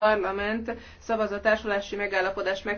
parlament szavaz a társulási megállapodás meg